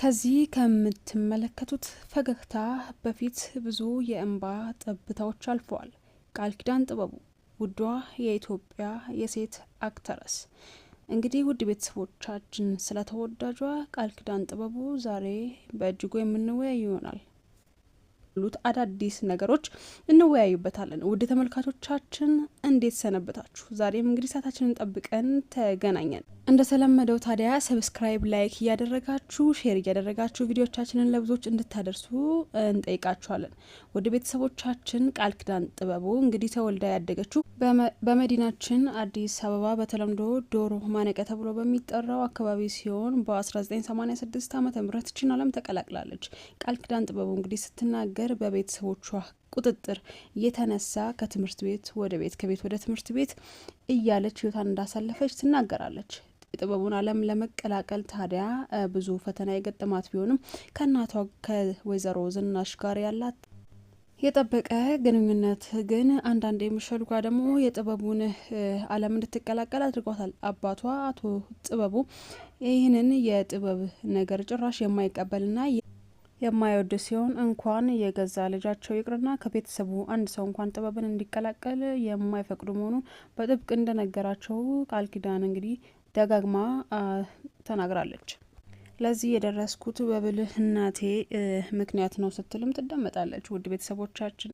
ከዚህ ከምትመለከቱት ፈገግታ በፊት ብዙ የእንባ ጠብታዎች አልፈዋል። ቃል ኪዳን ጥበቡ ውዷ የኢትዮጵያ የሴት አክተረስ። እንግዲህ ውድ ቤተሰቦቻችን ስለ ተወዳጇ ቃል ኪዳን ጥበቡ ዛሬ በእጅጉ የምንወያይ ይሆናል። ሉት አዳዲስ ነገሮች እንወያዩበታለን። ውድ ተመልካቾቻችን እንዴት ሰነበታችሁ? ዛሬም እንግዲህ ሰዓታችንን ጠብቀን ተገናኘን። እንደተለመደው ታዲያ ሰብስክራይብ፣ ላይክ እያደረጋችሁ ሼር እያደረጋችሁ ቪዲዮቻችንን ለብዙዎች እንድታደርሱ እንጠይቃችኋለን። ወደ ቤተሰቦቻችን ቃል ኪዳን ጥበቡ እንግዲህ ተወልዳ ያደገችው በመዲናችን አዲስ አበባ በተለምዶ ዶሮ ማነቀ ተብሎ በሚጠራው አካባቢ ሲሆን በ1986 ዓ ም ችን አለም ተቀላቅላለች። ቃል ኪዳን ጥበቡ እንግዲህ ስትናገር ነገር በቤተሰቦቿ ቁጥጥር የተነሳ ከትምህርት ቤት ወደ ቤት ከቤት ወደ ትምህርት ቤት እያለች ህይወቷን እንዳሳለፈች ትናገራለች። የጥበቡን ዓለም ለመቀላቀል ታዲያ ብዙ ፈተና የገጠማት ቢሆንም ከእናቷ ከወይዘሮ ዝናሽ ጋር ያላት የጠበቀ ግንኙነት ግን አንዳንዴ የምሸልጓ ደግሞ የጥበቡን ዓለም እንድትቀላቀል አድርጓታል። አባቷ አቶ ጥበቡ ይህንን የጥበብ ነገር ጭራሽ የማይቀበልና የማይወድ ሲሆን እንኳን የገዛ ልጃቸው ይቅርና ከቤተሰቡ አንድ ሰው እንኳን ጥበብን እንዲቀላቀል የማይፈቅዱ መሆኑን በጥብቅ እንደነገራቸው ቃል ኪዳን እንግዲህ ደጋግማ ተናግራለች። ለዚህ የደረስኩት እናቴ ምክንያት ነው ስትልም ትደመጣለች። ውድ ቤተሰቦቻችን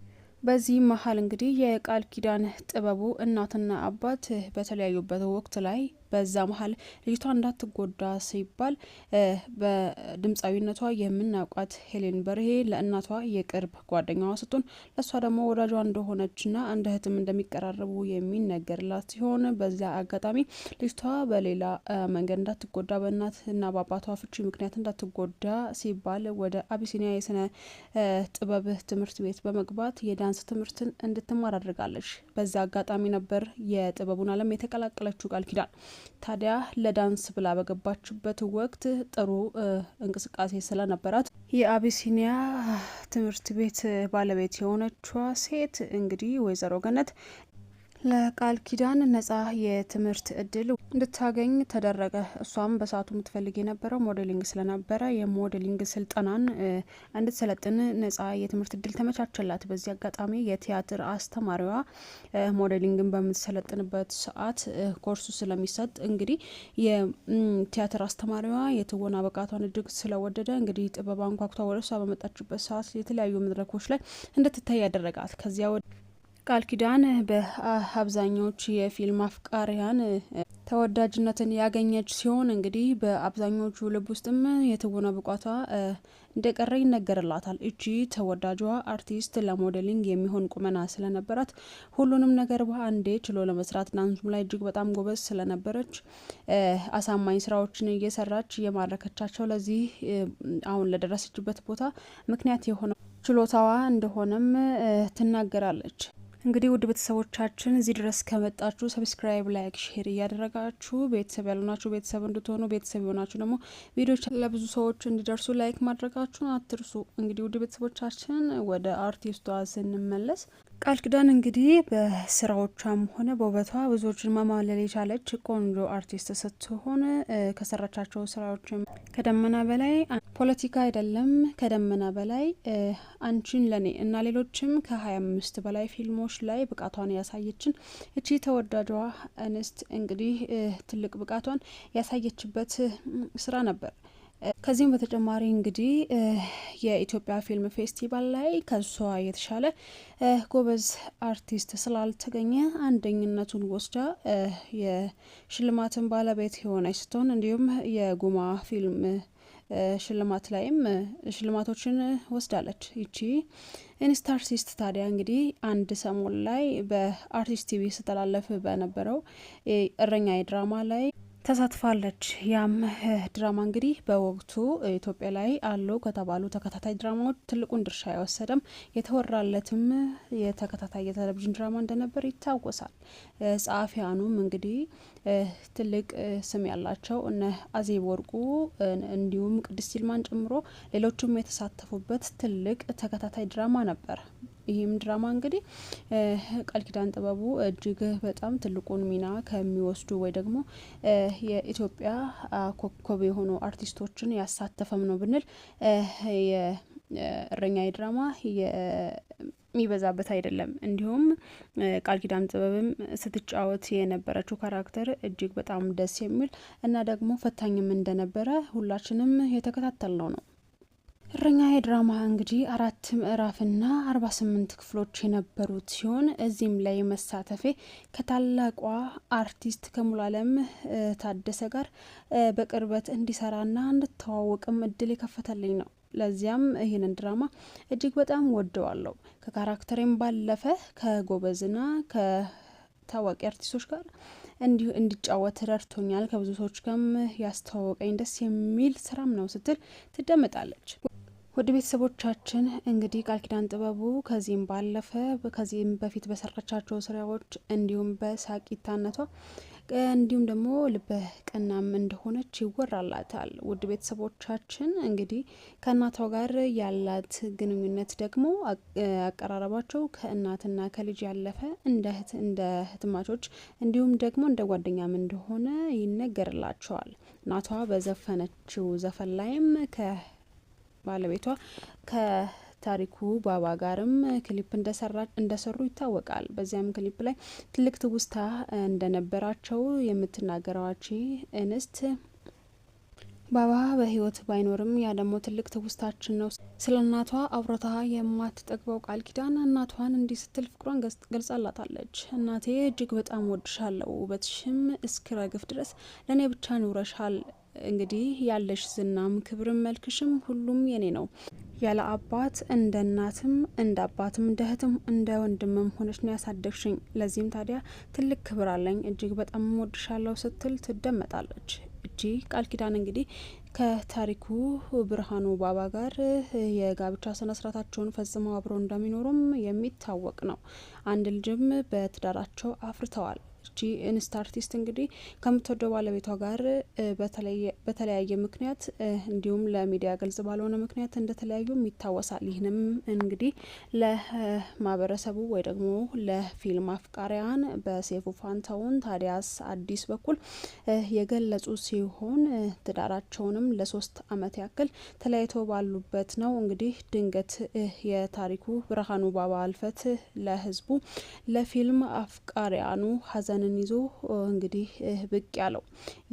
በዚህ መሀል እንግዲህ የቃል ኪዳን ጥበቡ እናትና አባት በተለያዩበት ወቅት ላይ በዛ መሀል ልጅቷ እንዳትጎዳ ሲባል በድምፃዊነቷ የምናውቋት ሄሌን በርሄ ለእናቷ የቅርብ ጓደኛዋ ስትሆን ለእሷ ደግሞ ወዳጇ እንደሆነችና እንደ ህትም እንደሚቀራረቡ የሚነገርላት ሲሆን በዚያ አጋጣሚ ልጅቷ በሌላ መንገድ እንዳትጎዳ በእናትና በአባቷ ፍቺ ምክንያት እንዳትጎዳ ሲባል ወደ አቢሲኒያ የስነ ጥበብ ትምህርት ቤት በመግባት የዳንስ ትምህርትን እንድትማር አድርጋለች። በዛ አጋጣሚ ነበር የጥበቡን ዓለም የተቀላቀለችው ቃል ኪዳን። ታዲያ ለዳንስ ብላ በገባችበት ወቅት ጥሩ እንቅስቃሴ ስለነበራት የአቢሲኒያ ትምህርት ቤት ባለቤት የሆነችዋ ሴት እንግዲህ ወይዘሮ ገነት ለቃል ኪዳን ነጻ የትምህርት እድል እንድታገኝ ተደረገ። እሷም በሰዓቱ የምትፈልግ የነበረው ሞዴሊንግ ስለነበረ የሞዴሊንግ ስልጠናን እንድትሰለጥን ነጻ የትምህርት እድል ተመቻቸላት። በዚህ አጋጣሚ የቲያትር አስተማሪዋ ሞዴሊንግን በምትሰለጥንበት ሰዓት ኮርሱ ስለሚሰጥ እንግዲህ የቲያትር አስተማሪዋ የትወና ብቃቷን እጅግ ስለወደደ እንግዲህ ጥበብ አንኳኩታ ወደ እሷ በመጣችበት ሰዓት የተለያዩ መድረኮች ላይ እንድትታይ ያደረጋት ከዚያ ቃል ኪዳን በአብዛኞቹ የፊልም አፍቃሪያን ተወዳጅነትን ያገኘች ሲሆን እንግዲህ በአብዛኞቹ ልብ ውስጥም የትወና ብቋቷ እንደቀረ ይነገርላታል። እቺ ተወዳጇ አርቲስት ለሞዴሊንግ የሚሆን ቁመና ስለነበራት ሁሉንም ነገር በአንዴ ችሎ ለመስራት ዳንሱም ላይ እጅግ በጣም ጎበዝ ስለነበረች አሳማኝ ስራዎችን እየሰራች እየማረከቻቸው ለዚህ አሁን ለደረሰችበት ቦታ ምክንያት የሆነው ችሎታዋ እንደሆነም ትናገራለች። እንግዲህ ውድ ቤተሰቦቻችን እዚህ ድረስ ከመጣችሁ ሰብስክራይብ፣ ላይክ፣ ሼር እያደረጋችሁ ቤተሰብ ያልሆናችሁ ቤተሰብ እንድትሆኑ ቤተሰብ የሆናችሁ ደግሞ ቪዲዮች ለብዙ ሰዎች እንዲደርሱ ላይክ ማድረጋችሁን አትርሱ። እንግዲህ ውድ ቤተሰቦቻችን ወደ አርቲስቷ ስንመለስ ቃል ኪዳን እንግዲህ በስራዎቿም ሆነ በውበቷ ብዙዎችን ማማለል የቻለች ቆንጆ አርቲስት ስትሆን ከሰራቻቸው ስራዎችም ከደመና በላይ ፖለቲካ አይደለም ከደመና በላይ አንቺን ለኔ እና ሌሎችም ከ አምስት በላይ ፊልሞች ላይ ብቃቷን ያሳየችን እቺ ተወዳጇ እንስት እንግዲህ ትልቅ ብቃቷን ያሳየችበት ስራ ነበር። ከዚህም በተጨማሪ እንግዲህ የኢትዮጵያ ፊልም ፌስቲቫል ላይ ከሷ የተሻለ ጎበዝ አርቲስት ስላልተገኘ አንደኝነቱን ወስዳ የሽልማትን ባለቤት የሆነች ስትሆን እንዲሁም የጉማ ፊልም ሽልማት ላይም ሽልማቶችን ወስዳለች። ይቺ ኢንስታ አርቲስት ታዲያ እንግዲህ አንድ ሰሞን ላይ በአርቲስት ቲቪ ስተላለፍ በነበረው እረኛ የድራማ ላይ ተሳትፋለች። ያም ድራማ እንግዲህ በወቅቱ ኢትዮጵያ ላይ አሉ ከተባሉ ተከታታይ ድራማዎች ትልቁን ድርሻ አይወሰደም የተወራለትም የተከታታይ የቴሌቪዥን ድራማ እንደነበር ይታወሳል። ጸሐፊያኑም እንግዲህ ትልቅ ስም ያላቸው እነ አዜብ ወርቁ እንዲሁም ቅድስት ይልማን ጨምሮ ሌሎችም የተሳተፉበት ትልቅ ተከታታይ ድራማ ነበር። ይህም ድራማ እንግዲህ ቃል ኪዳን ጥበቡ እጅግ በጣም ትልቁን ሚና ከሚወስዱ ወይ ደግሞ የኢትዮጵያ ኮከብ የሆኑ አርቲስቶችን ያሳተፈም ነው ብንል የእረኛዬ ድራማ የሚበዛበት አይደለም። እንዲሁም ቃል ኪዳን ጥበብም ስትጫወት የነበረችው ካራክተር እጅግ በጣም ደስ የሚል እና ደግሞ ፈታኝም እንደነበረ ሁላችንም የተከታተልነው ነው። እረኛ የድራማ እንግዲህ አራት ምዕራፍና አርባ ስምንት ክፍሎች የነበሩት ሲሆን እዚህም ላይ መሳተፌ ከታላቋ አርቲስት ከሙሉዓለም ታደሰ ጋር በቅርበት እንዲሰራና እንድተዋወቅም እድል የከፈተልኝ ነው። ለዚያም ይህንን ድራማ እጅግ በጣም ወደዋለሁ። ከካራክተሬም ባለፈ ከጎበዝና ከታዋቂ አርቲስቶች ጋር እንዲሁ እንዲጫወት ረድቶኛል። ከብዙ ሰዎች ጋርም ያስተዋወቀኝ ደስ የሚል ስራም ነው ስትል ትደመጣለች። ውድ ቤተሰቦቻችን እንግዲህ ቃል ኪዳን ጥበቡ ከዚህም ባለፈ ከዚህም በፊት በሰራቻቸው ስራዎች እንዲሁም በሳቂታነቷ እንዲሁም ደግሞ ልበ ቀናም እንደሆነች ይወራላታል። ውድ ቤተሰቦቻችን እንግዲህ ከእናቷ ጋር ያላት ግንኙነት ደግሞ አቀራረባቸው ከእናትና ከልጅ ያለፈ እንደ ህትማቾች እንዲሁም ደግሞ እንደ ጓደኛም እንደሆነ ይነገርላቸዋል። እናቷ በዘፈነችው ዘፈን ላይም ከ ባለቤቷ ከታሪኩ ባባ ጋርም ክሊፕ እንደሰሩ ይታወቃል። በዚያም ክሊፕ ላይ ትልቅ ትውስታ እንደነበራቸው የምትናገረው እንስት ባባ በህይወት ባይኖርም ያ ደግሞ ትልቅ ትውስታችን ነው። ስለ እናቷ አውረታ የማትጠግበው ቃል ኪዳን እናቷን እንዲህ ስትል ፍቅሯን ገልጻላታለች። እናቴ እጅግ በጣም ወድሻለሁ፣ ውበትሽም እስኪረግፍ ድረስ ለእኔ ብቻ ኑረሻል። እንግዲህ ያለሽ ዝናም ክብርም መልክሽም ሁሉም የኔ ነው። ያለ አባት እንደ እናትም እንደ አባትም እንደ እህትም እንደ ወንድምም ሆነች ነው ያሳደግሽኝ። ለዚህም ታዲያ ትልቅ ክብር አለኝ። እጅግ በጣም ወድሻለሁ ስትል ትደመጣለች። እጂ ቃል ኪዳን እንግዲህ ከታሪኩ ብርሃኑ ባባ ጋር የጋብቻ ስነ ስርዓታቸውን ፈጽመው አብረው እንደሚኖሩም የሚታወቅ ነው። አንድ ልጅም በትዳራቸው አፍርተዋል። እቺ እንስት አርቲስት እንግዲህ ከምትወደው ባለቤቷ ጋር በተለያየ ምክንያት እንዲሁም ለሚዲያ ግልጽ ባልሆነ ምክንያት እንደተለያዩም ይታወሳል። ይህንም እንግዲህ ለማህበረሰቡ ወይ ደግሞ ለፊልም አፍቃሪያን በሴፉ ፋንታውን ታዲያስ አዲስ በኩል የገለጹ ሲሆን ትዳራቸውንም ለሶስት አመት ያክል ተለያይቶ ባሉበት ነው እንግዲህ ድንገት የታሪኩ ብርሃኑ ባባ አልፈት ለህዝቡ ለፊልም አፍቃሪያኑ ሀዘን ሚዛንን ይዞ እንግዲህ ብቅ ያለው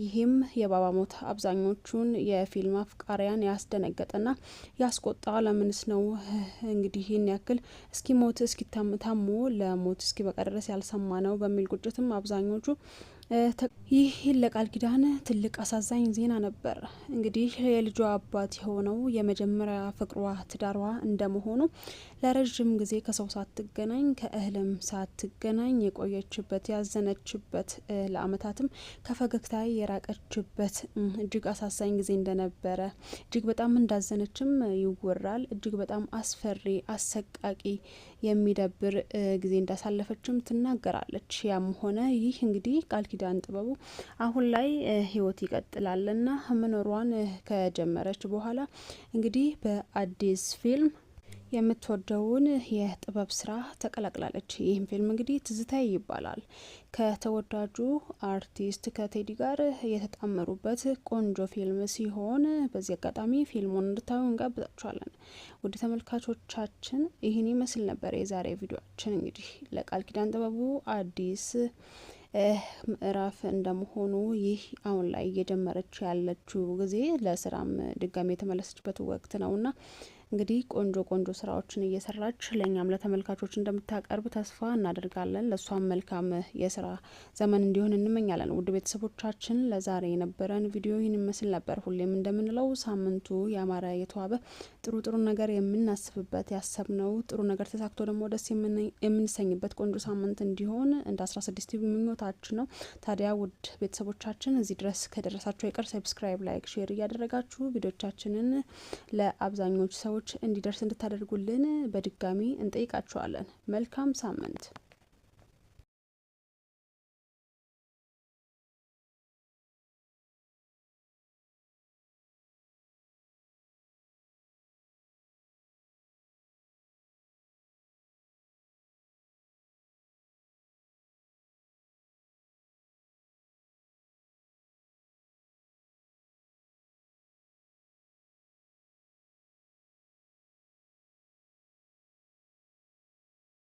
ይህም የባባ ሞት አብዛኞቹን የፊልም አፍቃሪያን ያስደነገጠና ያስቆጣ ለምንስ ነው እንግዲህ ይህን ያክል እስኪ ሞት እስኪ ታሞ ለሞት እስኪ በቃ ድረስ ያልሰማ ነው በሚል ቁጭትም አብዛኞቹ ይህ ለቃል ኪዳን ትልቅ አሳዛኝ ዜና ነበር። እንግዲህ የልጇ አባት የሆነው የመጀመሪያ ፍቅሯ ትዳሯ እንደመሆኑ ለረዥም ጊዜ ከሰው ሳትገናኝ ከእህልም ሳትገናኝ የቆየችበት ያዘነችበት፣ ለአመታትም ከፈገግታ የራቀችበት እጅግ አሳዛኝ ጊዜ እንደነበረ እጅግ በጣም እንዳዘነችም ይወራል። እጅግ በጣም አስፈሪ፣ አሰቃቂ፣ የሚደብር ጊዜ እንዳሳለፈችም ትናገራለች። ያም ሆነ ይህ እንግዲህ ቃል ኪዳን ጥበቡ አሁን ላይ ህይወት ይቀጥላልና መኖሯን ከጀመረች በኋላ እንግዲህ በአዲስ ፊልም የምትወደውን የጥበብ ስራ ተቀላቅላለች። ይህም ፊልም እንግዲህ ትዝታ ይባላል። ከተወዳጁ አርቲስት ከቴዲ ጋር የተጣመሩበት ቆንጆ ፊልም ሲሆን በዚህ አጋጣሚ ፊልሙን እንድታዩ እንጋብዛችኋለን። ውድ ተመልካቾቻችን ይህን ይመስል ነበር የዛሬ ቪዲዮችን። እንግዲህ ለቃል ኪዳን ጥበቡ አዲስ ምዕራፍ እንደመሆኑ ይህ አሁን ላይ እየጀመረች ያለችው ጊዜ ለስራም ድጋሚ የተመለሰችበት ወቅት ነውና እንግዲህ ቆንጆ ቆንጆ ስራዎችን እየሰራች ለእኛም ለተመልካቾች እንደምታቀርብ ተስፋ እናደርጋለን። ለእሷም መልካም የስራ ዘመን እንዲሆን እንመኛለን። ውድ ቤተሰቦቻችን ለዛሬ የነበረን ቪዲዮ ይህን ይመስል ነበር። ሁሌም እንደምንለው ሳምንቱ ያማረ የተዋበ ጥሩ ጥሩ ነገር የምናስብበት ያሰብነው ጥሩ ነገር ተሳክቶ ደግሞ ደስ የምንሰኝበት ቆንጆ ሳምንት እንዲሆን እንደ አስራ ስድስት ምኞታችን ነው። ታዲያ ውድ ቤተሰቦቻችን እዚህ ድረስ ከደረሳችሁ የቀር ሰብስክራይብ፣ ላይክ፣ ሼር እያደረጋችሁ ቪዲዮቻችንን ለአብዛኞች ሰዎች እንዲደርስ እንድታደርጉልን በድጋሚ እንጠይቃችኋለን። መልካም ሳምንት